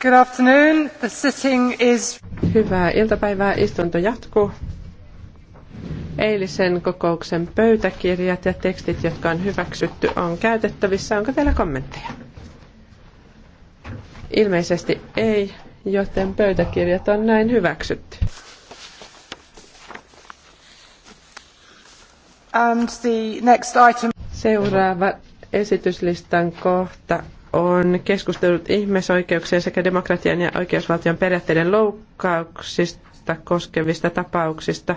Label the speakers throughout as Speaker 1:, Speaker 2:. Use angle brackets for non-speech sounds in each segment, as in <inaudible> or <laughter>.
Speaker 1: Good afternoon. The sitting is... Hyvää iltapäivää. Istunto jatkuu. Eilisen kokouksen pöytäkirjat ja tekstit, jotka on hyväksytty, on käytettävissä. Onko teillä kommentteja? Ilmeisesti ei joten pöytäkirjat on näin hyväksytty. And the next item. Seuraava esityslistan kohta on keskustelut ihmisoikeuksien sekä demokratian ja oikeusvaltion periaatteiden loukkauksista koskevista tapauksista.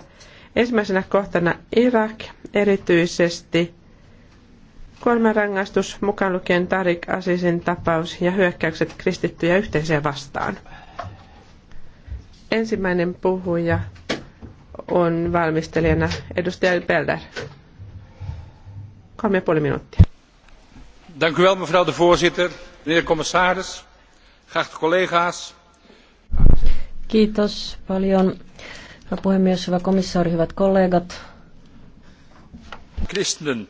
Speaker 1: Ensimmäisenä kohtana Irak, erityisesti kuolemanrangaistus, mukaan lukien Tarik Asisin tapaus ja hyökkäykset kristittyjä yhteisöjä vastaan. Ensimmäinen puhuja on valmistelijana edustaja Belder. Kolme ja puoli minuuttia.
Speaker 2: Dank u wel, mevrouw de voorzitter, meneer commissaris, geachte collega's.
Speaker 3: Kiitos paljon, hyvä puhemies, hyvä komissaari, hyvät kollegat.
Speaker 2: Christenen.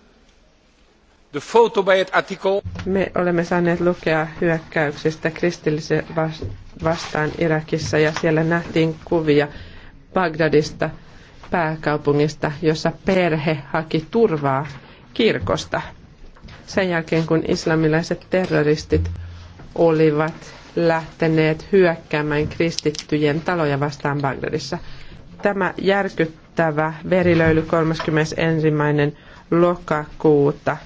Speaker 2: De foto bij het
Speaker 1: artikel. Me olemme saaneet lukea hyökkäyksestä kristillisiä vastaan vastaan Irakissa ja siellä nähtiin kuvia Bagdadista, pääkaupungista, jossa perhe haki turvaa kirkosta. Sen jälkeen kun islamilaiset terroristit olivat lähteneet hyökkäämään kristittyjen taloja vastaan Bagdadissa. Tämä järkyttävä verilöyly 31. lokakuuta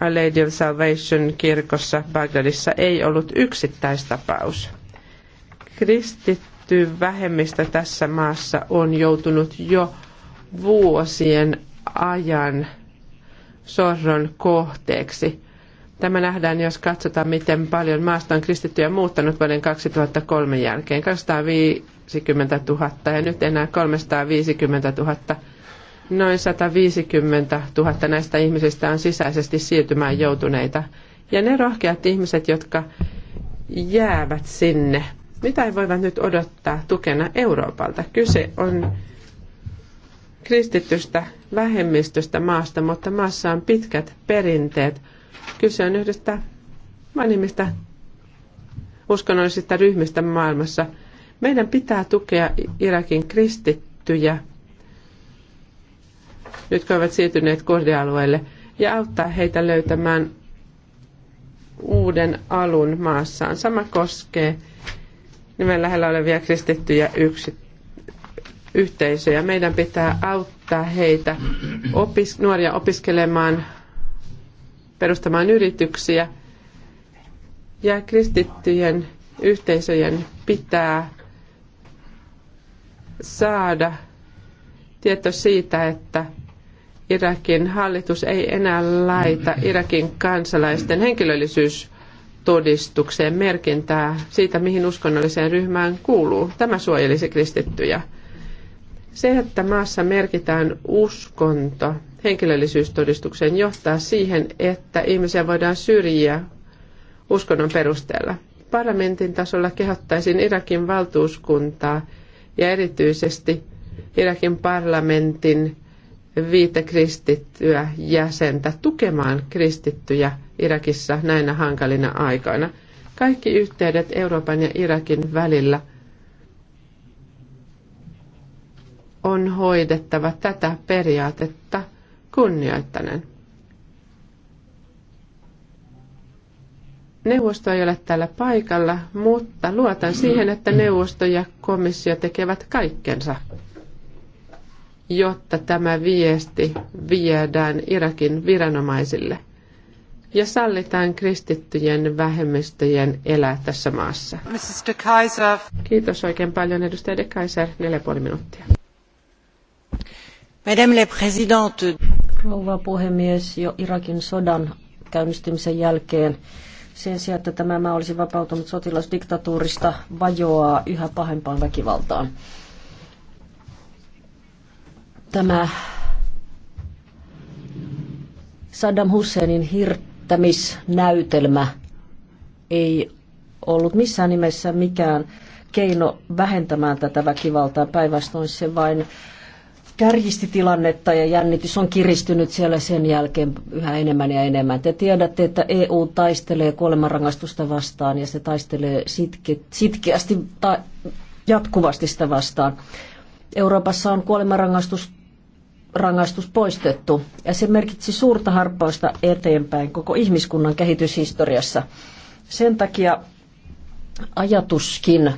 Speaker 1: A Lady of Salvation kirkossa Bagdadissa ei ollut yksittäistapaus. Kristitty vähemmistö tässä maassa on joutunut jo vuosien ajan sorron kohteeksi. Tämä nähdään, jos katsotaan, miten paljon maasta on kristittyjä muuttanut vuoden 2003 jälkeen. 250 000 ja nyt enää 350 000. Noin 150 000 näistä ihmisistä on sisäisesti siirtymään joutuneita. Ja ne rohkeat ihmiset, jotka jäävät sinne mitä he voivat nyt odottaa tukena Euroopalta? Kyse on kristitystä vähemmistöstä maasta, mutta maassa on pitkät perinteet. Kyse on yhdestä vanhimmista uskonnollisista ryhmistä maailmassa. Meidän pitää tukea Irakin kristittyjä, jotka ovat siirtyneet kurdialueelle, ja auttaa heitä löytämään uuden alun maassaan. Sama koskee nimen lähellä olevia kristittyjä yksi, yhteisöjä. Meidän pitää auttaa heitä, opis, nuoria opiskelemaan, perustamaan yrityksiä. Ja kristittyjen yhteisöjen pitää saada tieto siitä, että Irakin hallitus ei enää laita Irakin kansalaisten henkilöllisyys todistukseen merkintää siitä, mihin uskonnolliseen ryhmään kuuluu. Tämä suojelisi kristittyjä. Se, että maassa merkitään uskonto henkilöllisyystodistukseen, johtaa siihen, että ihmisiä voidaan syrjiä uskonnon perusteella. Parlamentin tasolla kehottaisin Irakin valtuuskuntaa ja erityisesti Irakin parlamentin viite kristittyä jäsentä tukemaan kristittyjä – Irakissa näinä hankalina aikoina. Kaikki yhteydet Euroopan ja Irakin välillä on hoidettava tätä periaatetta kunnioittaneen Neuvosto ei ole täällä paikalla, mutta luotan siihen, että neuvosto ja komissio tekevät kaikkensa, jotta tämä viesti viedään Irakin viranomaisille ja sallitaan kristittyjen vähemmistöjen elää tässä maassa. Mrs. De Kaiser.
Speaker 3: Kiitos oikein paljon, edustaja De Kaiser. Neljä puoli minuuttia. Madame la Présidente. Rouva puhemies, jo Irakin sodan käynnistymisen jälkeen sen sijaan, että tämä maa olisi vapautunut sotilasdiktatuurista, vajoaa yhä pahempaan väkivaltaan. Tämä Saddam Husseinin hirt välttämisnäytelmä ei ollut missään nimessä mikään keino vähentämään tätä väkivaltaa. Päinvastoin se vain kärjisti tilannetta ja jännitys on kiristynyt siellä sen jälkeen yhä enemmän ja enemmän. Te tiedätte, että EU taistelee kuolemanrangaistusta vastaan ja se taistelee sitke, sitkeästi tai jatkuvasti sitä vastaan. Euroopassa on kuolemanrangaistus rangaistus poistettu. Ja se merkitsi suurta harppausta eteenpäin koko ihmiskunnan kehityshistoriassa. Sen takia ajatuskin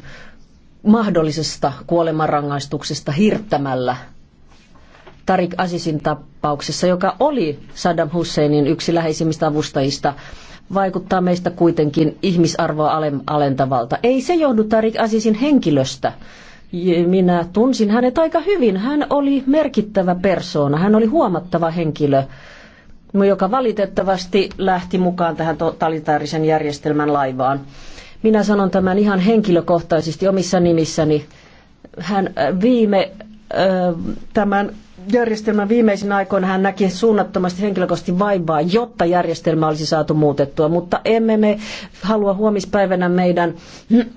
Speaker 3: mahdollisesta kuolemanrangaistuksesta hirttämällä Tarik Asisin tapauksessa, joka oli Saddam Husseinin yksi läheisimmistä avustajista, vaikuttaa meistä kuitenkin ihmisarvoa alentavalta. Ei se johdu Tarik Asisin henkilöstä, minä tunsin hänet aika hyvin. Hän oli merkittävä persoona, hän oli huomattava henkilö, joka valitettavasti lähti mukaan tähän totalitaarisen järjestelmän laivaan. Minä sanon tämän ihan henkilökohtaisesti omissa nimissäni. Hän äh, viime äh, tämän järjestelmän viimeisin aikoina hän näki suunnattomasti henkilökohtaisesti vaivaa, jotta järjestelmä olisi saatu muutettua, mutta emme me halua huomispäivänä meidän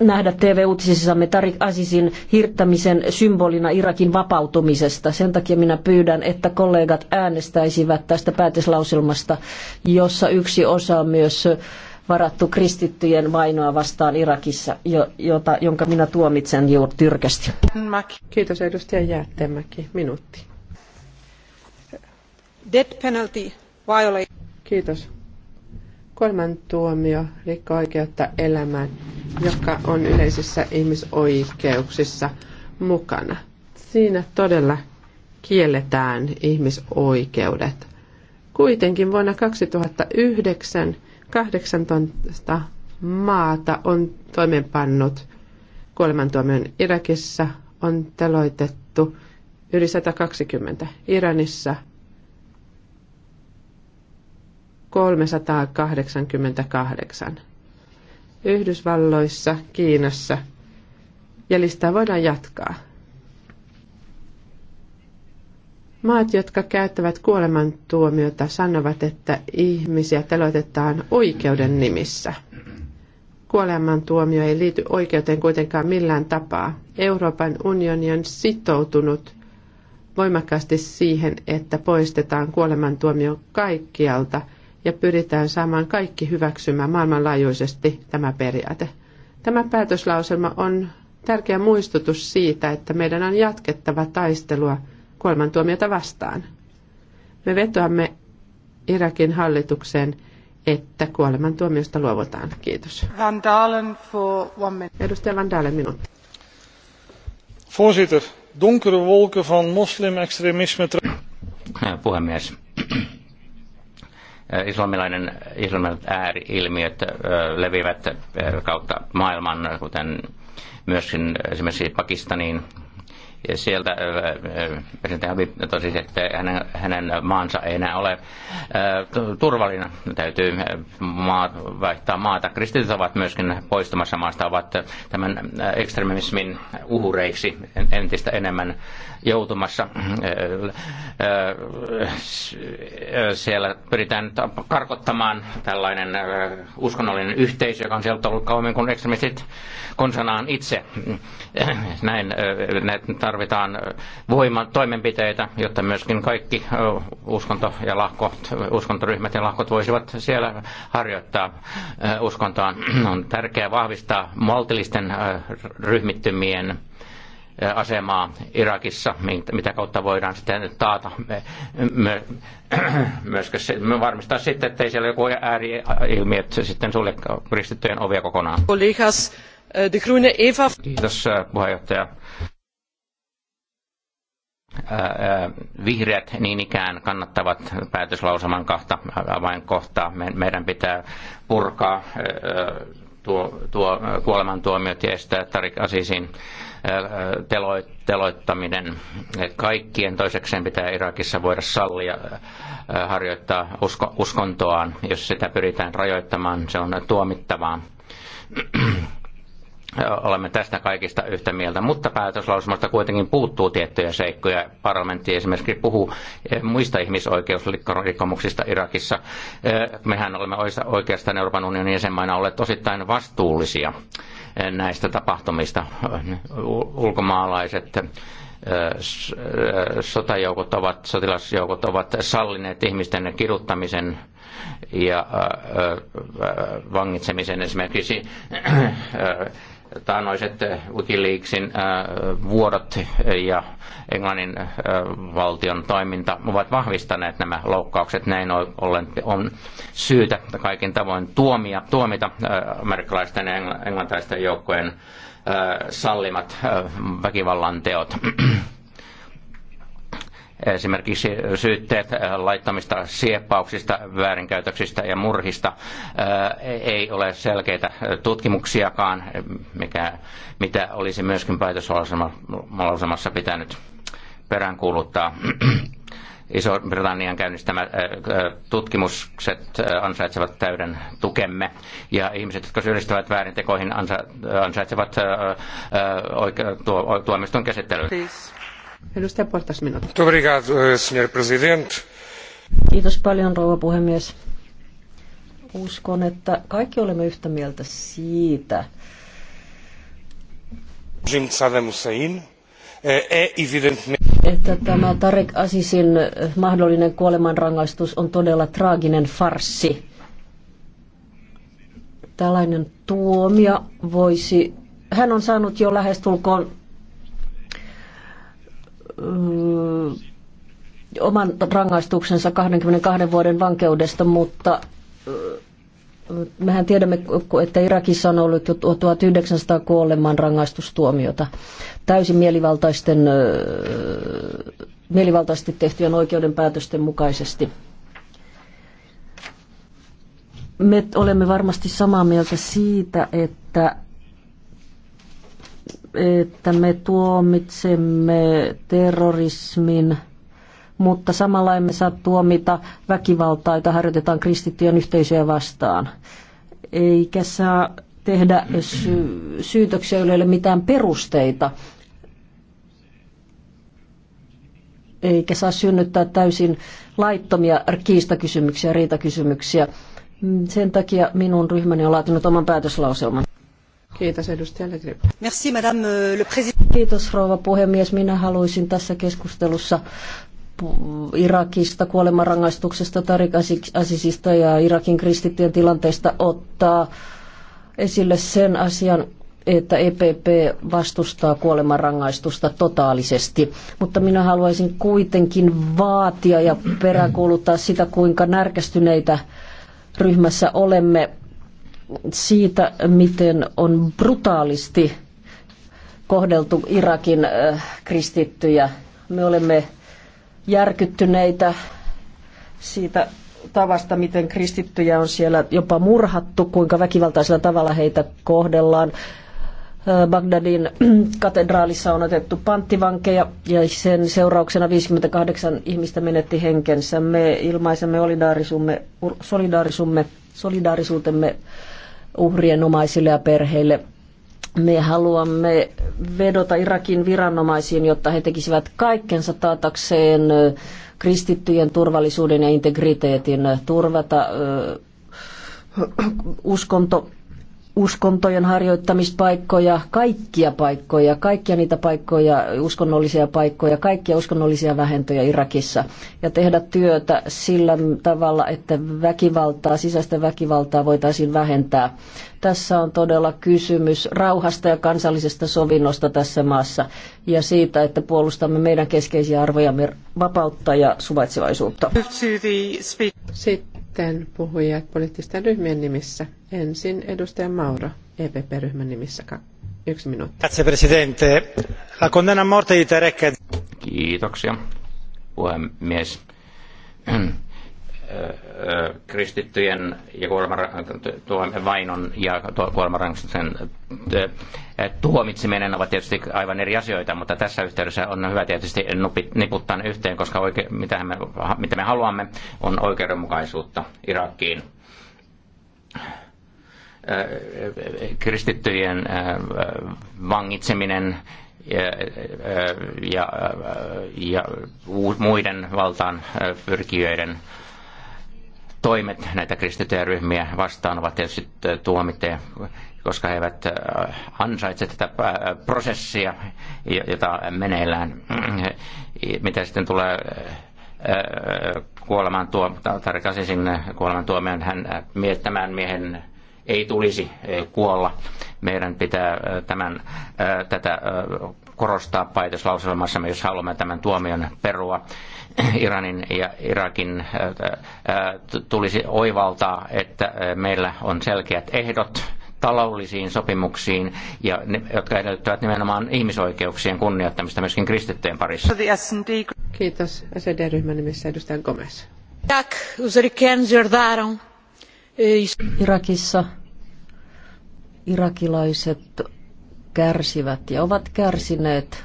Speaker 3: nähdä TV-uutisissamme Tarik Asisin hirttämisen symbolina Irakin vapautumisesta. Sen takia minä pyydän, että kollegat äänestäisivät tästä päätöslauselmasta, jossa yksi osa on myös varattu kristittyjen vainoa vastaan Irakissa, jota, jonka minä tuomitsen juuri tyrkästi. Kiitos edustaja Jäättemäki. Minuutti.
Speaker 1: Death penalty Kiitos. Kolman rikko oikeutta elämään, joka on yleisissä ihmisoikeuksissa mukana. Siinä todella kielletään ihmisoikeudet. Kuitenkin vuonna 2009 18 maata on toimeenpannut kuolemantuomion Irakissa, on teloitettu yli 120 Iranissa – 388. Yhdysvalloissa, Kiinassa. Ja listaa voidaan jatkaa. Maat, jotka käyttävät kuolemantuomiota, sanovat, että ihmisiä teloitetaan oikeuden nimissä. Kuolemantuomio ei liity oikeuteen kuitenkaan millään tapaa. Euroopan unioni on sitoutunut voimakkaasti siihen, että poistetaan kuolemantuomio kaikkialta – ja pyritään saamaan kaikki hyväksymään maailmanlaajuisesti tämä periaate. Tämä päätöslauselma on tärkeä muistutus siitä, että meidän on jatkettava taistelua kuolemantuomiota vastaan. Me vetoamme Irakin hallitukseen, että kuolemantuomiosta luovutaan. Kiitos. Van Dalen for one minute. Edustaja Van Dalen, minuutti. Voorzitter, donkere wolken van
Speaker 4: moslimextremisme...
Speaker 2: Puhemies islamilainen, islamilaiset ääriilmiöt leviävät kautta maailman, kuten myöskin esimerkiksi Pakistaniin, ja sieltä presidentti Habib tosi, että hänen, hänen maansa ei enää ole turvallinen. Täytyy maa, vaihtaa maata. Kristityt ovat myöskin poistumassa maasta, ovat tämän ekstremismin uhureiksi entistä enemmän joutumassa. Siellä pyritään karkottamaan tällainen uskonnollinen yhteisö, joka on sieltä ollut kauemmin kuin ekstremistit konsanaan itse. Näin näin tarvitaan voima, toimenpiteitä, jotta myöskin kaikki uskonto- ja lahkot, uskontoryhmät ja lahkot voisivat siellä harjoittaa uskontoaan. <clears throat> On tärkeää vahvistaa maltillisten ryhmittymien asemaa Irakissa, mitä kautta voidaan sitten taata <clears throat> myöskin varmistaa sitten, ettei siellä joku ääriilmiöt sitten sulle kristittyjen ovia kokonaan.
Speaker 1: de Groene Eva.
Speaker 2: Kiitos puheenjohtaja. Vihreät niin ikään kannattavat päätöslausaman kahta avainkohtaa. Meidän pitää purkaa tuo, tuo kuolemantuomiot ja estää Tarik Asisin teloittaminen. Kaikkien toisekseen pitää Irakissa voida sallia harjoittaa usko, uskontoaan. Jos sitä pyritään rajoittamaan, se on tuomittavaa olemme tästä kaikista yhtä mieltä, mutta päätöslausumasta kuitenkin puuttuu tiettyjä seikkoja. Parlamentti esimerkiksi puhuu eh, muista ihmisoikeusrikkomuksista Irakissa. Eh, mehän olemme oikeastaan Euroopan unionin jäsenmaina olleet osittain vastuullisia eh, näistä tapahtumista. Ulkomaalaiset sotajoukot ovat, sotilasjoukot ovat sallineet ihmisten kiduttamisen ja vangitsemisen esimerkiksi taanoiset Wikileaksin äh, vuodot ja Englannin äh, valtion toiminta ovat vahvistaneet nämä loukkaukset. Näin ollen on syytä kaikin tavoin tuomia, tuomita äh, amerikkalaisten ja englantilaisten joukkojen sallimat väkivallan teot. <clears throat> esimerkiksi syytteet äh, laittamista sieppauksista, väärinkäytöksistä ja murhista. Äh, e- ei ole selkeitä äh, tutkimuksiakaan, mikä, mitä olisi myöskin päätöslauselmassa pitänyt peräänkuuluttaa. <clears throat> Iso-Britannian käynnistämät tutkimukset ansaitsevat täyden tukemme. Ja ihmiset, jotka syyllistyvät väärintekoihin, ansaitsevat tuomiston käsittelyyn. Please.
Speaker 3: Edustaja
Speaker 4: eh,
Speaker 3: Kiitos paljon, rouva puhemies. Uskon, että kaikki olemme yhtä mieltä siitä.
Speaker 4: Eh, eh,
Speaker 3: että tämä Tarek Asisin mahdollinen kuolemanrangaistus on todella traaginen farsi. Tällainen tuomio voisi... Hän on saanut jo lähestulkoon oman rangaistuksensa 22 vuoden vankeudesta, mutta mehän tiedämme, että Irakissa on ollut jo 1900 kuoleman rangaistustuomiota täysin mielivaltaisten, mielivaltaisesti tehtyjen oikeudenpäätösten mukaisesti. Me olemme varmasti samaa mieltä siitä, että että me tuomitsemme terrorismin, mutta samalla emme saa tuomita väkivaltaa, jota harjoitetaan kristittyjen yhteisöjä vastaan. Eikä saa tehdä sy- syytöksiä, yleille mitään perusteita. Eikä saa synnyttää täysin laittomia kiistakysymyksiä, riitakysymyksiä. Sen takia minun ryhmäni on laatinut oman päätöslauselman. Kiitos edustaja Legrip. Merci, madame euh, le président. Kiitos rouva puhemies. Minä haluaisin tässä keskustelussa Irakista, kuolemanrangaistuksesta, Tarik Asisista ja Irakin kristittyjen tilanteesta ottaa esille sen asian, että EPP vastustaa kuolemanrangaistusta totaalisesti, mutta minä haluaisin kuitenkin vaatia ja peräänkuuluttaa sitä, kuinka närkästyneitä ryhmässä olemme siitä, miten on brutaalisti kohdeltu Irakin äh, kristittyjä. Me olemme järkyttyneitä siitä tavasta, miten kristittyjä on siellä jopa murhattu, kuinka väkivaltaisella tavalla heitä kohdellaan. Äh, Bagdadin <clears throat> katedraalissa on otettu panttivankeja ja sen seurauksena 58 ihmistä menetti henkensä. Me ilmaisemme solidaarisumme, solidaarisuutemme uhrien omaisille ja perheille. Me haluamme vedota Irakin viranomaisiin, jotta he tekisivät kaikkensa taatakseen kristittyjen turvallisuuden ja integriteetin, turvata uskonto uskontojen harjoittamispaikkoja, kaikkia paikkoja, kaikkia niitä paikkoja, uskonnollisia paikkoja, kaikkia uskonnollisia vähentöjä Irakissa ja tehdä työtä sillä tavalla, että väkivaltaa, sisäistä väkivaltaa voitaisiin vähentää. Tässä on todella kysymys rauhasta ja kansallisesta sovinnosta tässä maassa ja siitä, että puolustamme meidän keskeisiä arvojamme vapautta ja suvaitsevaisuutta. Sitten
Speaker 1: sitten puhujat poliittisten ryhmien nimissä. Ensin edustaja Mauro, EPP-ryhmän nimissä. Yksi minuutti.
Speaker 2: Grazie, presidente. La condanna morte di Tarek. Kiitoksia, puhemies kristittyjen ja vainon ja kuolemanrangaistuksen tuomitseminen ovat tietysti aivan eri asioita, mutta tässä yhteydessä on hyvä tietysti niputtaa ne yhteen, koska oike, mitä, me, mitä me haluamme on oikeudenmukaisuutta Irakiin kristittyjen vangitseminen ja, ja, ja muiden valtaan pyrkijöiden toimet näitä kristittyjä ryhmiä vastaan ovat tietysti tuomitteja, koska he eivät ansaitse tätä prosessia, jota meneillään. Mitä sitten tulee kuolemaan tuo, tarkasin sinne kuoleman tuomioon, hän, miettämään miehen ei tulisi kuolla. Meidän pitää tämän, tätä korostaa päätöslauselmassa, jos haluamme tämän tuomion perua Iranin ja Irakin äh, äh, tulisi oivaltaa, että äh, meillä on selkeät ehdot taloudellisiin sopimuksiin, ja ne, jotka edellyttävät nimenomaan ihmisoikeuksien kunnioittamista myöskin kristittyjen parissa.
Speaker 1: Kiitos. sed
Speaker 3: ryhmän nimessä edustaja Gomez. Irakissa irakilaiset kärsivät ja ovat kärsineet,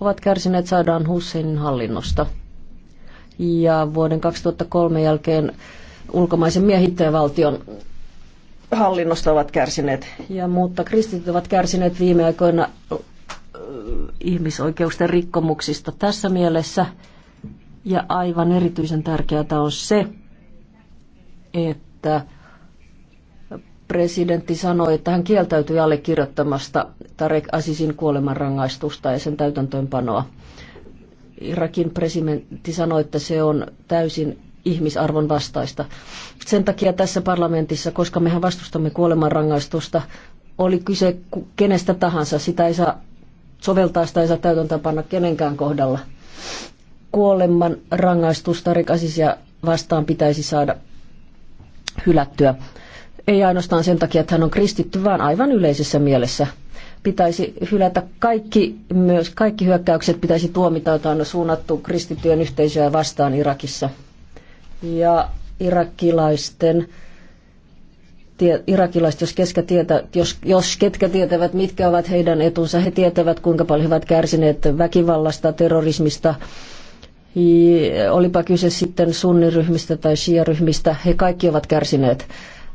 Speaker 3: ovat kärsineet saadaan Husseinin hallinnosta – ja vuoden 2003 jälkeen ulkomaisen miehittäjävaltion hallinnosta ovat kärsineet. Ja, mutta kristityt ovat kärsineet viime aikoina äh, ihmisoikeusten rikkomuksista tässä mielessä. Ja aivan erityisen tärkeää on se, että presidentti sanoi, että hän kieltäytyi allekirjoittamasta Tarek Asisin kuolemanrangaistusta ja sen täytäntöönpanoa. Irakin presidentti sanoi, että se on täysin ihmisarvon vastaista. Sen takia tässä parlamentissa, koska mehän vastustamme kuolemanrangaistusta, oli kyse kenestä tahansa, sitä ei saa soveltaa, sitä ei saa täytäntöönpanna kenenkään kohdalla. Kuoleman rikasisia vastaan pitäisi saada hylättyä. Ei ainoastaan sen takia, että hän on kristitty, vaan aivan yleisessä mielessä – pitäisi hylätä kaikki, myös kaikki hyökkäykset pitäisi tuomita, joita on suunnattu kristityön yhteisöä vastaan Irakissa. Ja irakilaisten irakilaiset, jos, keskä tietä, jos, jos ketkä tietävät, mitkä ovat heidän etunsa, he tietävät, kuinka paljon he ovat kärsineet väkivallasta, terrorismista, olipa kyse sitten sunniryhmistä tai shia-ryhmistä, he kaikki ovat kärsineet.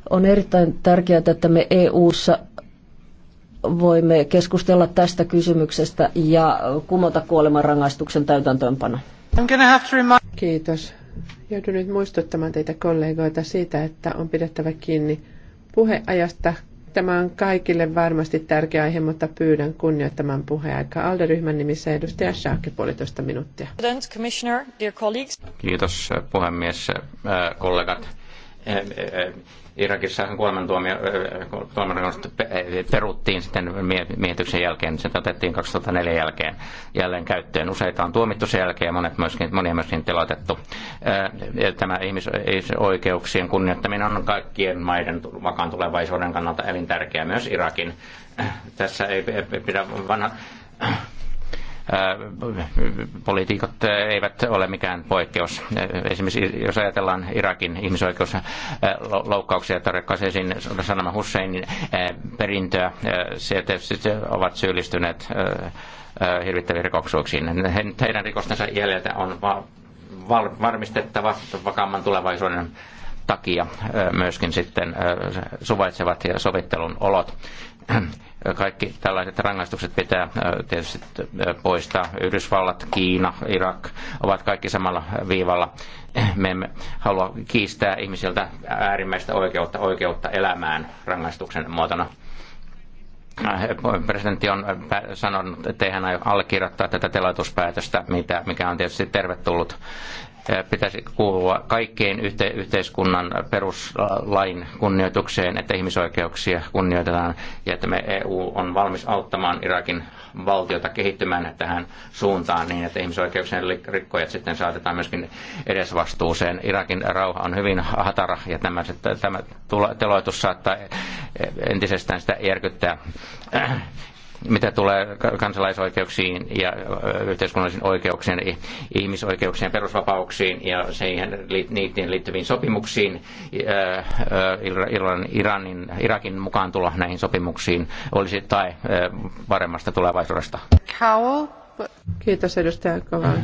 Speaker 3: On erittäin tärkeää, että me EU-ssa voimme keskustella tästä kysymyksestä ja kumota kuolemanrangaistuksen täytäntöönpano. Kiitos. Joudun nyt muistuttamaan
Speaker 1: teitä kollegoita
Speaker 3: siitä, että on pidettävä
Speaker 1: kiinni puheajasta. Tämä on kaikille varmasti tärkeä aihe, mutta pyydän kunnioittamaan puheaikaa. Alderyhmän nimissä edustaja Schaake puolitoista minuuttia.
Speaker 2: Kiitos puhemies, äh, kollegat Eh, eh, eh, Irakissa kuolemantuomio peruttiin sitten miehityksen jälkeen. Se otettiin 2004 jälkeen jälleen käyttöön. Useita on tuomittu sen jälkeen ja monet myöskin, monia myöskin teloitettu. Tämä ihmisoikeuksien kunnioittaminen on kaikkien maiden vakaan tulevaisuuden kannalta elintärkeää, myös Irakin. Tässä ei pidä vanha Poliitikot eivät ole mikään poikkeus. Esimerkiksi jos ajatellaan Irakin ihmisoikeusloukkauksia, esiin Sanama Husseinin perintöä, se tietysti ovat syyllistyneet hirvittäviin rikoksuuksiin. Heidän rikostensa jäljeltä on varmistettava vakaamman tulevaisuuden takia myöskin sitten suvaitsevat ja sovittelun olot. <clears throat> Kaikki tällaiset rangaistukset pitää tietysti poistaa. Yhdysvallat, Kiina, Irak ovat kaikki samalla viivalla. <clears throat> Me emme halua kiistää ihmisiltä äärimmäistä oikeutta, oikeutta elämään rangaistuksen muotona presidentti on sanonut, että ei hän aio allekirjoittaa tätä teloituspäätöstä, mikä on tietysti tervetullut pitäisi kuulua kaikkeen yhte- yhteiskunnan peruslain kunnioitukseen, että ihmisoikeuksia kunnioitetaan ja että me EU on valmis auttamaan Irakin valtiota kehittymään tähän suuntaan niin, että ihmisoikeuksien rikkojat sitten saatetaan myöskin edesvastuuseen. Irakin rauha on hyvin hatara ja tämä, tämä teloitus saattaa e-, e-, entisestään sitä järkyttää mitä tulee kansalaisoikeuksiin ja yhteiskunnallisiin oikeuksiin, ihmisoikeuksien perusvapauksiin ja siihen, niihin liittyviin sopimuksiin, Iranin, Irakin mukaan tulo näihin sopimuksiin olisi tai paremmasta
Speaker 1: tulevaisuudesta. Kiitos edustaja Kovan.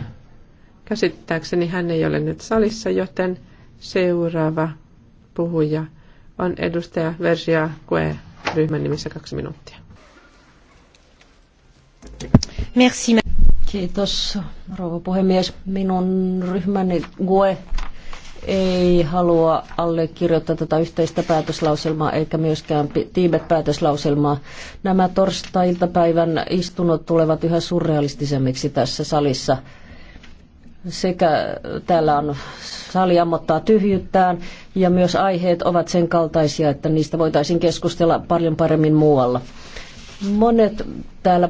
Speaker 1: Käsittääkseni hän ei ole nyt salissa, joten seuraava puhuja on edustaja Versia Kue ryhmän nimissä kaksi minuuttia.
Speaker 3: Merci. Kiitos, rouva puhemies. Minun ryhmäni GUE ei halua allekirjoittaa tätä yhteistä päätöslauselmaa eikä myöskään Tiibet-päätöslauselmaa. Nämä torstai-iltapäivän istunnot tulevat yhä surrealistisemmiksi tässä salissa. Sekä täällä on sali ammottaa tyhjyyttään ja myös aiheet ovat sen kaltaisia, että niistä voitaisiin keskustella paljon paremmin muualla. Monet täällä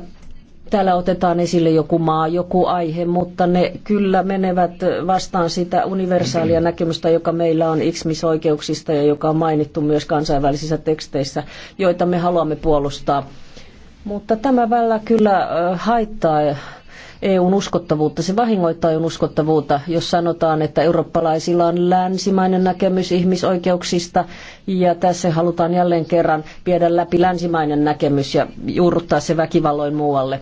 Speaker 3: täällä otetaan esille joku maa, joku aihe, mutta ne kyllä menevät vastaan sitä universaalia näkemystä, joka meillä on ihmisoikeuksista ja joka on mainittu myös kansainvälisissä teksteissä, joita me haluamme puolustaa. Mutta tämä välillä kyllä haittaa EUn uskottavuutta. Se vahingoittaa EUn uskottavuutta, jos sanotaan, että eurooppalaisilla on länsimainen näkemys ihmisoikeuksista ja tässä halutaan jälleen kerran viedä läpi länsimainen näkemys ja juurruttaa se väkivalloin muualle.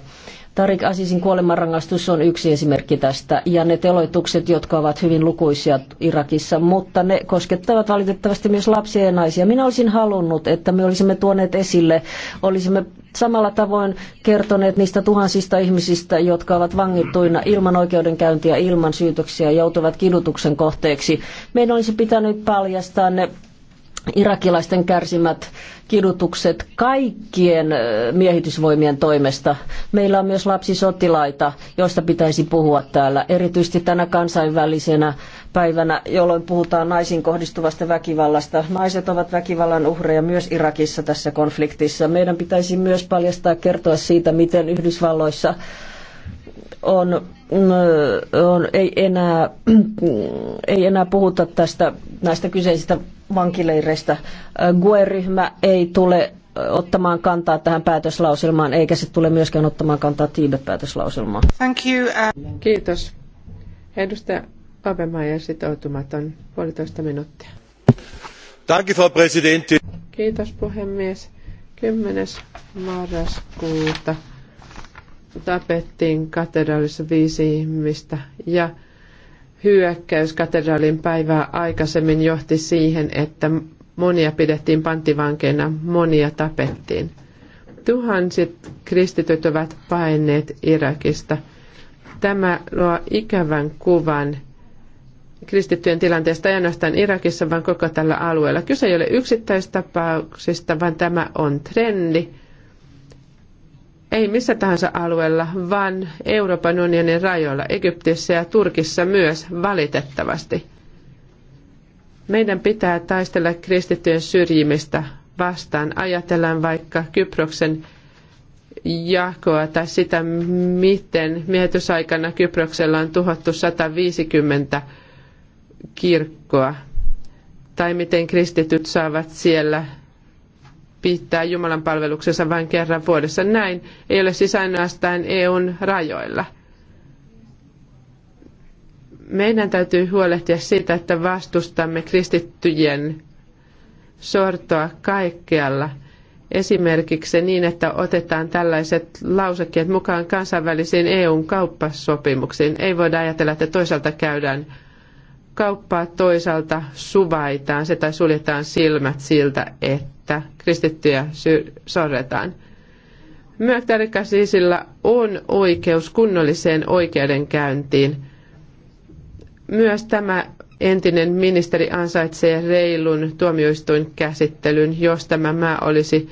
Speaker 3: Tarik Asisin kuolemanrangaistus on yksi esimerkki tästä, ja ne teloitukset, jotka ovat hyvin lukuisia Irakissa, mutta ne koskettavat valitettavasti myös lapsia ja naisia. Minä olisin halunnut, että me olisimme tuoneet esille, olisimme samalla tavoin kertoneet niistä tuhansista ihmisistä, jotka ovat vangittuina ilman oikeudenkäyntiä, ilman syytöksiä, ja joutuvat kidutuksen kohteeksi. Meidän olisi pitänyt paljastaa ne irakilaisten kärsimät kidutukset kaikkien miehitysvoimien toimesta. Meillä on myös lapsisotilaita, joista pitäisi puhua täällä, erityisesti tänä kansainvälisenä päivänä, jolloin puhutaan naisiin kohdistuvasta väkivallasta. Naiset ovat väkivallan uhreja myös Irakissa tässä konfliktissa. Meidän pitäisi myös paljastaa kertoa siitä, miten Yhdysvalloissa on, mm, on ei, enää, <clears throat> ei enää puhuta tästä, näistä kyseisistä vankileireistä. GUE-ryhmä ei tule ottamaan kantaa tähän päätöslauselmaan, eikä se tule myöskään ottamaan kantaa Tiibet-päätöslauselmaan.
Speaker 1: Thank you. Uh, Kiitos. Edustaja Abemaja sitoutumaton puolitoista minuuttia. Thank you, Frau Kiitos puhemies. 10. marraskuuta tapettiin katedraalissa viisi ihmistä ja hyökkäys katedraalin päivää aikaisemmin johti siihen, että monia pidettiin panttivankeina, monia tapettiin. Tuhansit kristityt ovat paineet Irakista. Tämä luo ikävän kuvan kristittyjen tilanteesta ei ainoastaan Irakissa, vaan koko tällä alueella. Kyse ei ole yksittäistapauksista, vaan tämä on trendi, ei missä tahansa alueella, vaan Euroopan unionin rajoilla, Egyptissä ja Turkissa myös valitettavasti. Meidän pitää taistella kristittyjen syrjimistä vastaan. Ajatellaan vaikka Kyproksen jakoa tai sitä, miten miehitysaikana Kyproksella on tuhottu 150 kirkkoa tai miten kristityt saavat siellä pitää Jumalan palveluksessa vain kerran vuodessa. Näin ei ole siis ainoastaan EUn rajoilla. Meidän täytyy huolehtia siitä, että vastustamme kristittyjen sortoa kaikkialla. Esimerkiksi niin, että otetaan tällaiset lausekkeet mukaan kansainvälisiin EUn kauppasopimuksiin. Ei voida ajatella, että toisaalta käydään kauppaa, toisaalta suvaitaan se tai suljetaan silmät siltä, että että kristittyjä sorretaan. Myöktärikäsisillä on oikeus kunnolliseen oikeudenkäyntiin. Myös tämä entinen ministeri ansaitsee reilun tuomioistuinkäsittelyn, jos tämä maa olisi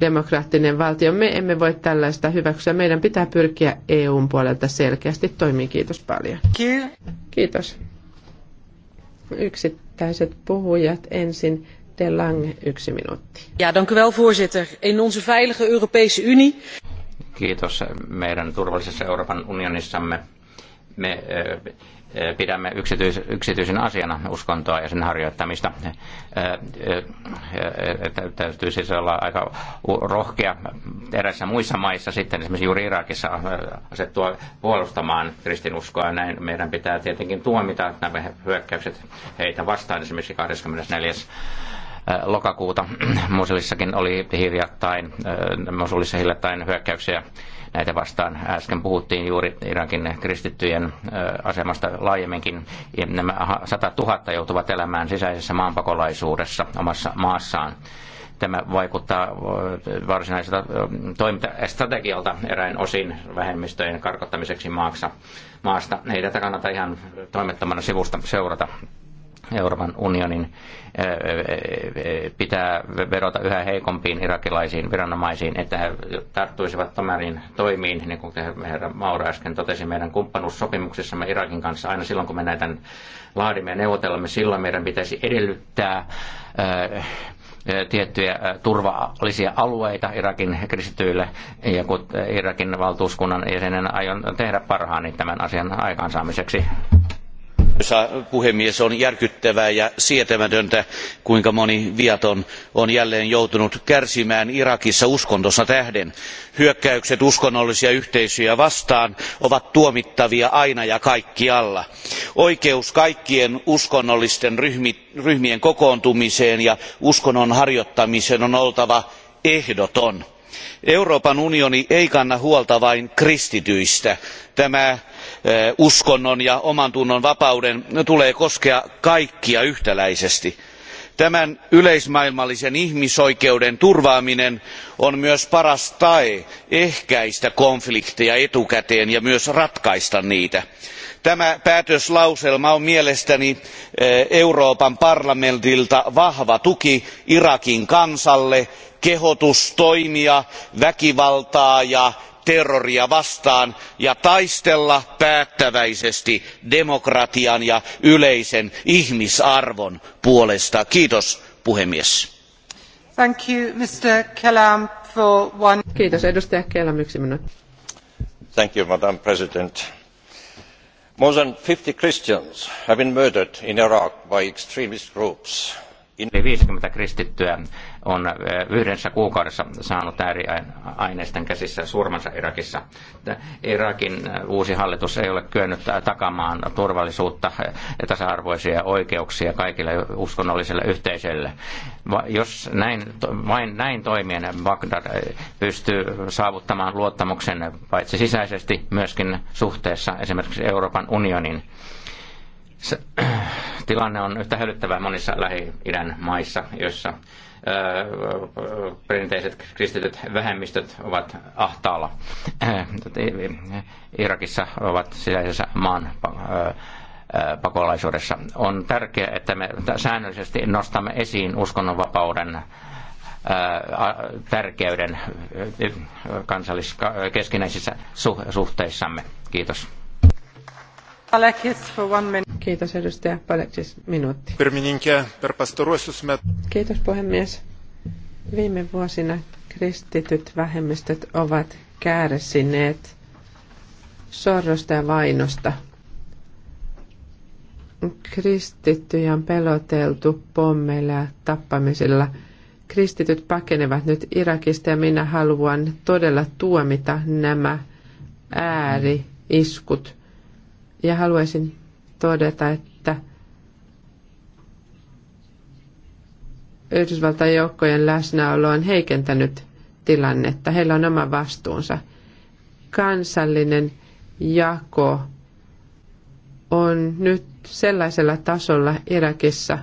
Speaker 1: demokraattinen valtio. Me emme voi tällaista hyväksyä. Meidän pitää pyrkiä EUn puolelta selkeästi toimiin. Kiitos paljon. Kiitos. Yksittäiset puhujat ensin. De Lang, yksi minuutti.
Speaker 3: Ja, dank voorzitter. In onze veilige Europese Unie...
Speaker 2: Kiitos meidän turvallisessa Euroopan unionissamme. Me eh, eh, pidämme yksityis, yksityisen asiana uskontoa ja sen harjoittamista. Eh, täytyy siis olla aika rohkea eräissä muissa maissa sitten, esimerkiksi juuri Irakissa asettua puolustamaan kristinuskoa. Näin meidän pitää tietenkin tuomita nämä hyökkäykset heitä vastaan esimerkiksi 24 lokakuuta <clears throat> Mosulissakin oli hiljattain, Mosulissa hiljattain hyökkäyksiä näitä vastaan. Äsken puhuttiin juuri Irakin kristittyjen asemasta laajemminkin. Nämä 100 000 joutuvat elämään sisäisessä maanpakolaisuudessa omassa maassaan. Tämä vaikuttaa varsinaiselta toimintastrategialta eräin osin vähemmistöjen karkottamiseksi maaksa, maasta. Ei tätä kannata ihan toimettomana sivusta seurata. Euroopan unionin pitää verota yhä heikompiin irakilaisiin viranomaisiin, että he tarttuisivat tämän toimiin, niin kuin herra Maura äsken totesi, meidän kumppanuussopimuksessamme Irakin kanssa aina silloin, kun me näitä laadimme ja neuvotellamme, silloin meidän pitäisi edellyttää tiettyjä turvallisia alueita Irakin kristityille, ja kun Irakin valtuuskunnan jäsenen aion tehdä parhaani tämän asian aikaansaamiseksi
Speaker 4: arvoisa puhemies on järkyttävää ja sietämätöntä kuinka moni viaton on jälleen joutunut kärsimään irakissa uskontonsa tähden. hyökkäykset uskonnollisia yhteisöjä vastaan ovat tuomittavia aina ja kaikkialla. oikeus kaikkien uskonnollisten ryhmien kokoontumiseen ja uskonnon harjoittamiseen on oltava ehdoton. euroopan unioni ei kanna huolta vain kristityistä. tämä uskonnon ja omantunnon vapauden tulee koskea kaikkia yhtäläisesti. tämän yleismaailmallisen ihmisoikeuden turvaaminen on myös paras tae ehkäistä konflikteja etukäteen ja myös ratkaista niitä. tämä päätöslauselma on mielestäni euroopan parlamentilta vahva tuki irakin kansalle kehotus toimia väkivaltaa ja terroria vastaan ja taistella päättäväisesti demokratian ja yleisen ihmisarvon puolesta. kiitos puhemies.
Speaker 1: Kiitos edustaja Kelam, yksi minuutti.
Speaker 4: Thank you, Madam President. More than 50 Christians
Speaker 2: have been murdered in Iraq by extremist groups Yli 50 kristittyä on yhdessä kuukaudessa saanut ääriaineisten käsissä surmansa Irakissa. Irakin uusi hallitus ei ole kyennyt takamaan turvallisuutta ja tasa-arvoisia oikeuksia kaikille uskonnollisille yhteisöille. Jos näin, vain näin toimien Bagdad pystyy saavuttamaan luottamuksen paitsi sisäisesti myöskin suhteessa esimerkiksi Euroopan unionin se, <clears throat> tilanne on yhtä hälyttävää monissa Lähi-idän maissa, joissa perinteiset kristityt vähemmistöt ovat ahtaalla. <clears throat> Irakissa ovat sisäisessä maan pakolaisuudessa. On tärkeää, että me säännöllisesti nostamme esiin uskonnonvapauden tärkeyden kansallis- keskinäisissä suhteissamme. Kiitos.
Speaker 1: Palekis Kiitos edustaja Palekis, minuutti.
Speaker 4: Pirmininkė, per pastaruosius met...
Speaker 1: Kiitos puhemies. Viime vuosina kristityt vähemmistöt ovat kärsineet sorrosta ja vainosta. Kristittyjä on peloteltu pommeilla ja tappamisilla. Kristityt pakenevat nyt Irakista ja minä haluan todella tuomita nämä ääriiskut ja haluaisin todeta, että Yhdysvaltain joukkojen läsnäolo on heikentänyt tilannetta. Heillä on oma vastuunsa. Kansallinen jako on nyt sellaisella tasolla Irakissa,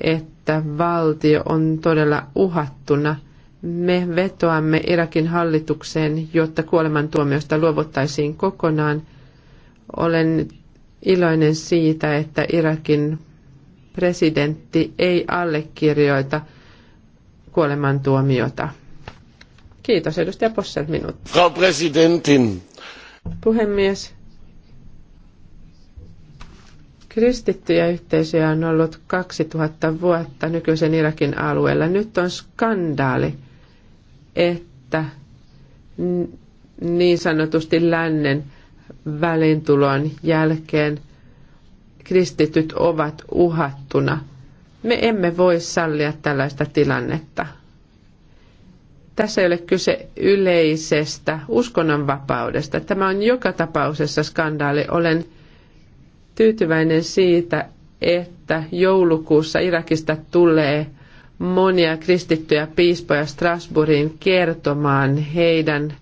Speaker 1: että valtio on todella uhattuna. Me vetoamme Irakin hallitukseen, jotta kuolemantuomiosta luovuttaisiin kokonaan – olen iloinen siitä, että Irakin presidentti ei allekirjoita kuolemantuomiota. Kiitos, edustaja Possel, minut.
Speaker 4: Frau Präsidentin.
Speaker 1: Puhemies. Kristittyjä yhteisöjä on ollut 2000 vuotta nykyisen Irakin alueella. Nyt on skandaali, että niin sanotusti lännen välintulon jälkeen kristityt ovat uhattuna. Me emme voi sallia tällaista tilannetta. Tässä ei ole kyse yleisestä uskonnonvapaudesta. Tämä on joka tapauksessa skandaali. Olen tyytyväinen siitä, että joulukuussa Irakista tulee monia kristittyjä piispoja Strasbourgin kertomaan heidän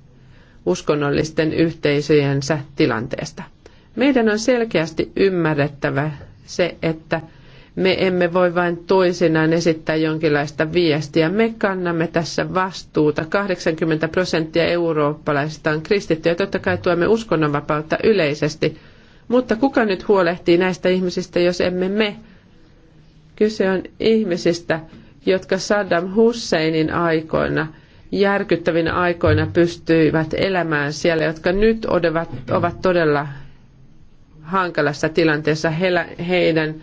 Speaker 1: uskonnollisten yhteisöjensä tilanteesta. Meidän on selkeästi ymmärrettävä se, että me emme voi vain toisinaan esittää jonkinlaista viestiä. Me kannamme tässä vastuuta. 80 prosenttia eurooppalaisista on kristittyjä. Totta kai tuemme uskonnonvapautta yleisesti. Mutta kuka nyt huolehtii näistä ihmisistä, jos emme me? Kyse on ihmisistä, jotka Saddam Husseinin aikoina – järkyttävinä aikoina pystyivät elämään siellä, jotka nyt odevat, ovat todella hankalassa tilanteessa. heidän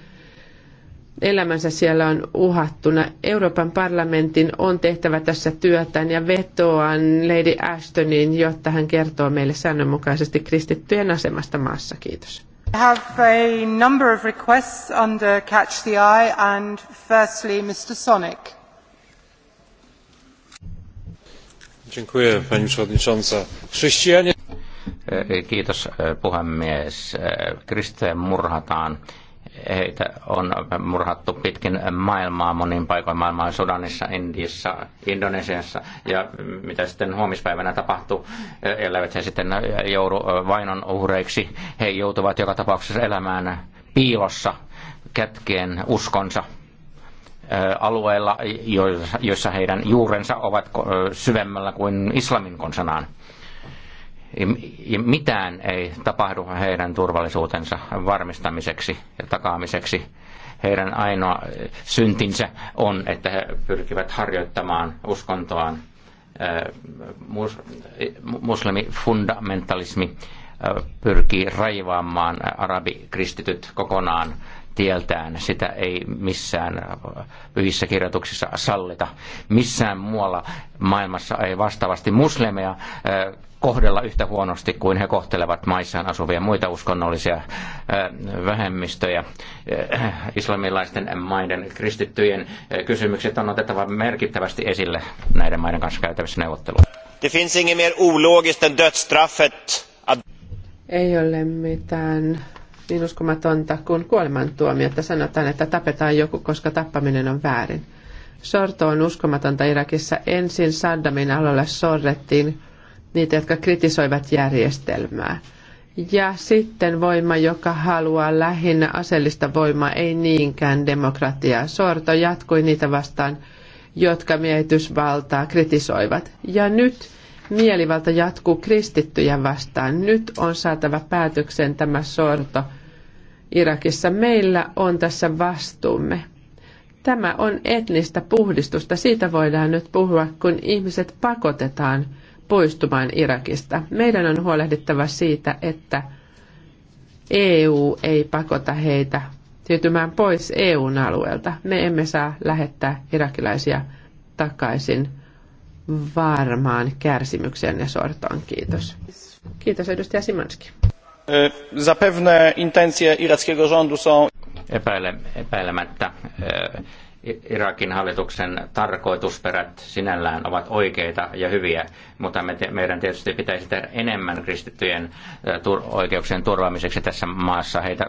Speaker 1: elämänsä siellä on uhattuna. Euroopan parlamentin on tehtävä tässä työtään ja vetoan Lady Ashtoniin, jotta hän kertoo meille säännönmukaisesti kristittyjen asemasta maassa. Kiitos. I have a number of requests under Catch the Eye and firstly Mr. Sonic.
Speaker 4: pani przewodnicząca.
Speaker 2: Chrześcijanie... E, e, kiitos e, puhemies. Kristeen murhataan. Heitä on murhattu pitkin maailmaa, monin paikoin maailmaa, Sudanissa, Indiassa, Indonesiassa. Ja mitä sitten huomispäivänä tapahtuu, elävät he sitten joudu vainon uhreiksi. He joutuvat joka tapauksessa elämään piilossa kätkien uskonsa alueilla, joissa heidän juurensa ovat syvemmällä kuin islamin konsanaan. Mitään ei tapahdu heidän turvallisuutensa varmistamiseksi ja takaamiseksi. Heidän ainoa syntinsä on, että he pyrkivät harjoittamaan uskontoaan. Muslimifundamentalismi pyrkii raivaamaan arabikristityt kokonaan tieltään. Sitä ei missään pyhissä kirjoituksissa sallita. Missään muualla maailmassa ei vastaavasti muslimeja kohdella yhtä huonosti kuin he kohtelevat maissaan asuvia muita uskonnollisia vähemmistöjä. Islamilaisten maiden kristittyjen kysymykset on otettava merkittävästi esille näiden maiden kanssa käytävissä neuvotteluissa. Det finns inget mer ologiskt än dödsstraffet.
Speaker 1: Ei ole mitään niin uskomatonta kuin kuolemantuomio, että sanotaan, että tapetaan joku, koska tappaminen on väärin. Sorto on uskomatonta Irakissa. Ensin Saddamin alueella sorrettiin niitä, jotka kritisoivat järjestelmää. Ja sitten voima, joka haluaa lähinnä aseellista voimaa, ei niinkään demokratiaa. Sorto jatkui niitä vastaan, jotka miehitysvaltaa kritisoivat. Ja nyt mielivalta jatkuu kristittyjä vastaan. Nyt on saatava päätöksen tämä sorto Irakissa. Meillä on tässä vastuumme. Tämä on etnistä puhdistusta. Siitä voidaan nyt puhua, kun ihmiset pakotetaan poistumaan Irakista. Meidän on huolehdittava siitä, että EU ei pakota heitä tyytymään pois EUn alueelta. Me emme saa lähettää irakilaisia takaisin varmaan kärsimykseen ja sortoon. Kiitos. Kiitos edustaja Simanski. E, zapewne intencje irackiego rządu
Speaker 2: są... Epäile, epäilemättä e, Irakin hallituksen tarkoitusperät sinällään ovat oikeita ja hyviä, mutta me te, meidän tietysti pitäisi tehdä enemmän kristittyjen tur, oikeuksien turvaamiseksi tässä maassa. Heitä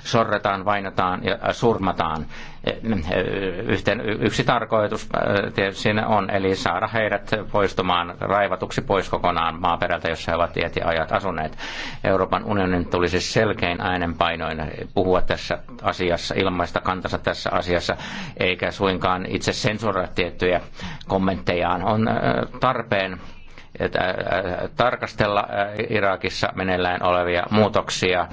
Speaker 2: sorretaan, vainotaan ja surmataan. E, Yhten, yksi tarkoitus tietysti siinä on, eli saada heidät poistumaan raivatuksi pois kokonaan maaperältä, jossa he ovat tieti ajat asuneet. Euroopan unionin tulisi selkein äänenpainoin puhua tässä asiassa, ilmaista kantansa tässä asiassa. Ei eikä suinkaan itse sensuroida tiettyjä kommenttejaan. On äh, tarpeen äh, tarkastella äh, Irakissa meneillään olevia muutoksia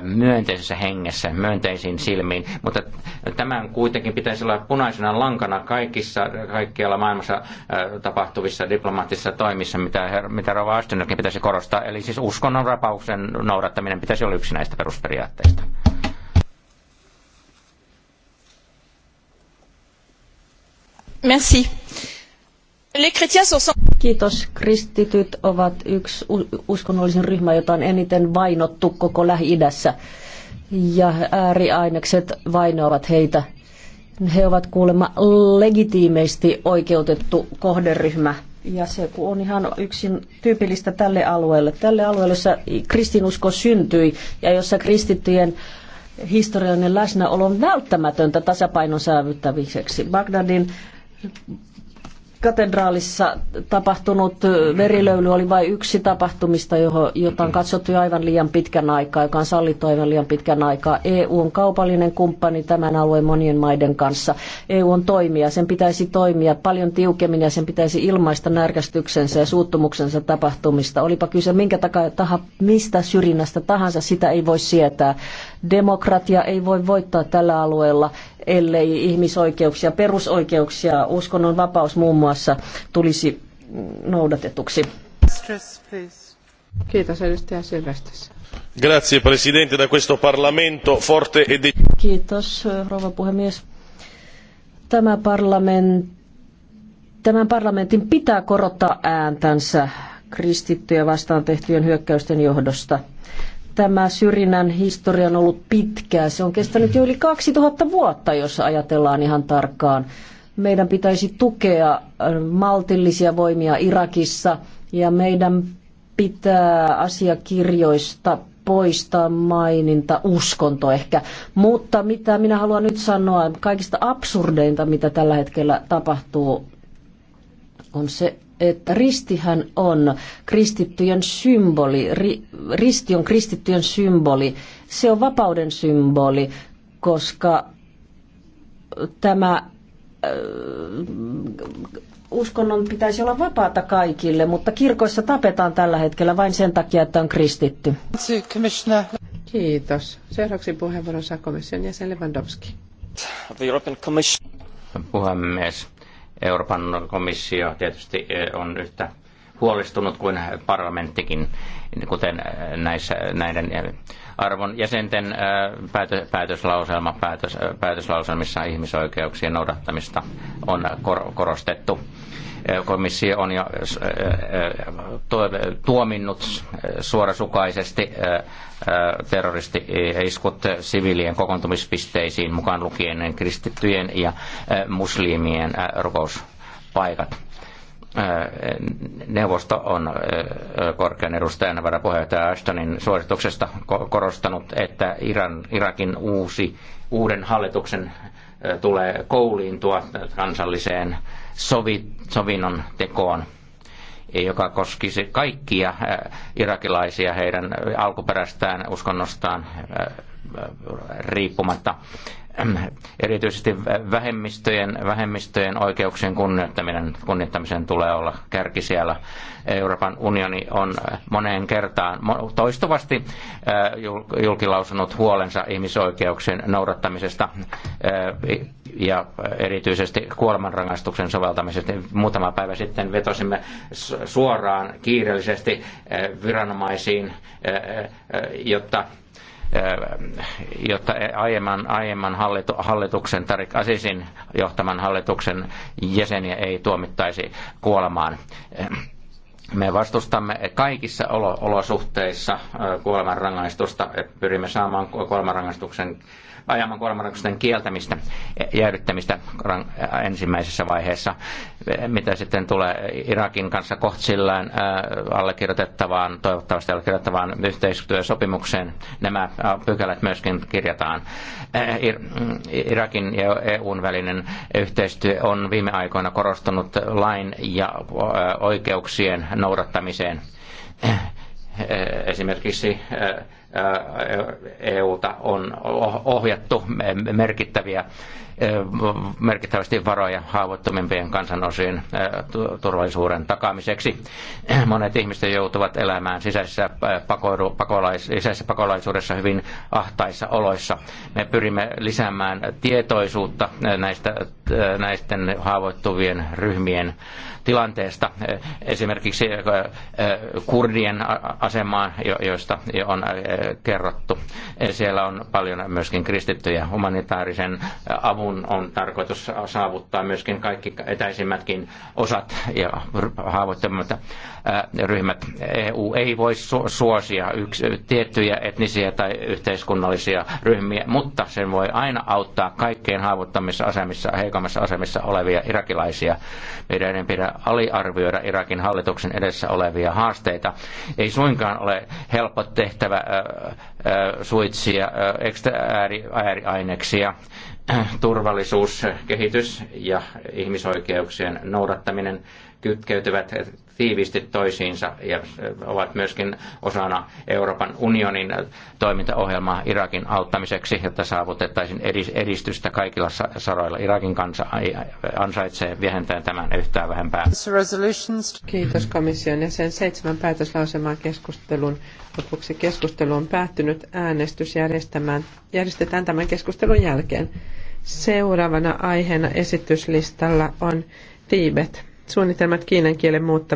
Speaker 2: myönteisessä hengessä, myönteisiin silmiin, mutta tämän kuitenkin pitäisi olla punaisena lankana kaikissa, kaikkialla maailmassa tapahtuvissa diplomaattisissa toimissa, mitä, mitä Rova Astinokin pitäisi korostaa. Eli siis uskonnon rapauksen noudattaminen pitäisi olla yksi näistä perusperiaatteista.
Speaker 3: Merci. Kiitos. Kristityt ovat yksi uskonnollisen ryhmä, jota on eniten vainottu koko Lähi-idässä. Ja ääriainekset vainoavat heitä. He ovat kuulemma legitiimeisti oikeutettu kohderyhmä. Ja se on ihan yksin tyypillistä tälle alueelle. Tälle alueelle, jossa kristinusko syntyi ja jossa kristittyjen historiallinen läsnäolo on välttämätöntä tasapainon saavuttamiseksi. Bagdadin katedraalissa tapahtunut verilöyly oli vain yksi tapahtumista, jota on katsottu jo aivan liian pitkän aikaa, joka on sallittu aivan liian pitkän aikaa. EU on kaupallinen kumppani tämän alueen monien maiden kanssa. EU on toimija, sen pitäisi toimia paljon tiukemmin ja sen pitäisi ilmaista närkästyksensä ja suuttumuksensa tapahtumista. Olipa kyse minkä takaa taha, mistä syrjinnästä tahansa, sitä ei voi sietää. Demokratia ei voi voittaa tällä alueella ellei ihmisoikeuksia, perusoikeuksia, uskonnonvapaus muun muassa tulisi noudatetuksi. Kiitos edustaja Silvestris.
Speaker 4: Grazie presidente da questo parlamento forte e
Speaker 3: Kiitos rouva puhemies. Tämä parlament, tämän parlamentin pitää korottaa ääntänsä kristittyjä vastaan tehtyjen hyökkäysten johdosta tämä syrjinnän historia on ollut pitkää. Se on kestänyt jo yli 2000 vuotta, jos ajatellaan ihan tarkkaan. Meidän pitäisi tukea maltillisia voimia Irakissa ja meidän pitää asiakirjoista poistaa maininta uskonto ehkä. Mutta mitä minä haluan nyt sanoa, kaikista absurdeinta, mitä tällä hetkellä tapahtuu, on se, että ristihän on kristittyjen symboli, ri, risti on kristittyjen symboli, se on vapauden symboli, koska tämä äh, uskonnon pitäisi olla vapaata kaikille, mutta kirkoissa tapetaan tällä hetkellä vain sen takia, että on kristitty. Kiitos. Seuraavaksi puheenvuoron saa
Speaker 1: komission jäsen Lewandowski.
Speaker 2: Puhemies, Euroopan komissio tietysti eh, on yhtä huolestunut kuin parlamenttikin, kuten eh, näissä, näiden eh, arvon jäsenten päätöslauselma, päätös, päätöslauselmissa ihmisoikeuksien noudattamista on korostettu. Komissio on jo eh, tuominnut suorasukaisesti eh, eh, terroristi-iskut siviilien kokoontumispisteisiin, mukaan lukien kristittyjen ja muslimien rukouspaikat neuvosto on korkean edustajan varapuheenjohtaja Ashtonin suosituksesta korostanut, että Iran, Irakin uusi, uuden hallituksen tulee tuo kansalliseen sovi, sovinnon tekoon joka koskisi kaikkia irakilaisia heidän alkuperästään, uskonnostaan riippumatta erityisesti vähemmistöjen, vähemmistöjen oikeuksien kunnioittaminen, kunnioittamisen tulee olla kärki siellä. Euroopan unioni on moneen kertaan toistuvasti äh, julkilausunut huolensa ihmisoikeuksien noudattamisesta äh, ja erityisesti kuolemanrangaistuksen soveltamisesta. Muutama päivä sitten vetosimme suoraan kiireellisesti äh, viranomaisiin, jotta jotta e- aiemman, aiemman hallitu, hallituksen, Tarik Asisin johtaman hallituksen jäseniä ei tuomittaisi kuolemaan. Me vastustamme kaikissa olosuhteissa kuolemanrangaistusta, pyrimme saamaan kuolemanrangaistuksen ajaman kuolemanrangaistusten kieltämistä, jäädyttämistä äh, ensimmäisessä vaiheessa, mitä sitten tulee Irakin kanssa kohtsillään äh, allekirjoitettavaan, toivottavasti allekirjoittavaan yhteistyösopimukseen. Nämä äh, pykälät myöskin kirjataan. Irakin ja EUn välinen yhteistyö on viime aikoina korostunut lain ja oikeuksien noudattamiseen esimerkiksi EUta on ohjattu merkittäviä merkittävästi varoja haavoittuvimpien kansanosien turvallisuuden takaamiseksi. <clears throat> Monet ihmiset joutuvat elämään sisäisessä, pakolais, sisäisessä pakolaisuudessa hyvin ahtaissa oloissa. Me pyrimme lisäämään tietoisuutta näistä, näisten haavoittuvien ryhmien tilanteesta. E, esimerkiksi kurdien asemaan, joista on kerrottu. E, siellä on paljon myöskin kristittyjä humanitaarisen avun kun on tarkoitus saavuttaa myöskin kaikki etäisimmätkin osat ja haavoittamat ryhmät. EU ei voi suosia yks, tiettyjä etnisiä tai yhteiskunnallisia ryhmiä, mutta sen voi aina auttaa kaikkein haavoittamissa asemissa, heikommassa asemissa olevia irakilaisia. Meidän ei pidä aliarvioida Irakin hallituksen edessä olevia haasteita. Ei suinkaan ole helppo tehtävä suitsia ääriaineksia turvallisuuskehitys ja ihmisoikeuksien noudattaminen kytkeytyvät tiiviisti toisiinsa ja äh, ovat myöskin osana Euroopan unionin äh, toimintaohjelmaa Irakin auttamiseksi, jotta saavutettaisiin edistystä kaikilla saroilla. Irakin kansa ansaitsee vähentää tämän yhtään vähempää.
Speaker 1: Kiitos komission ja sen seitsemän päätöslausemaan keskustelun. Lopuksi keskustelu on päättynyt. Äänestys järjestetään tämän keskustelun jälkeen. Seuraavana aiheena esityslistalla on Tiibet suunnitelmat kiinan kielen muuttamiseksi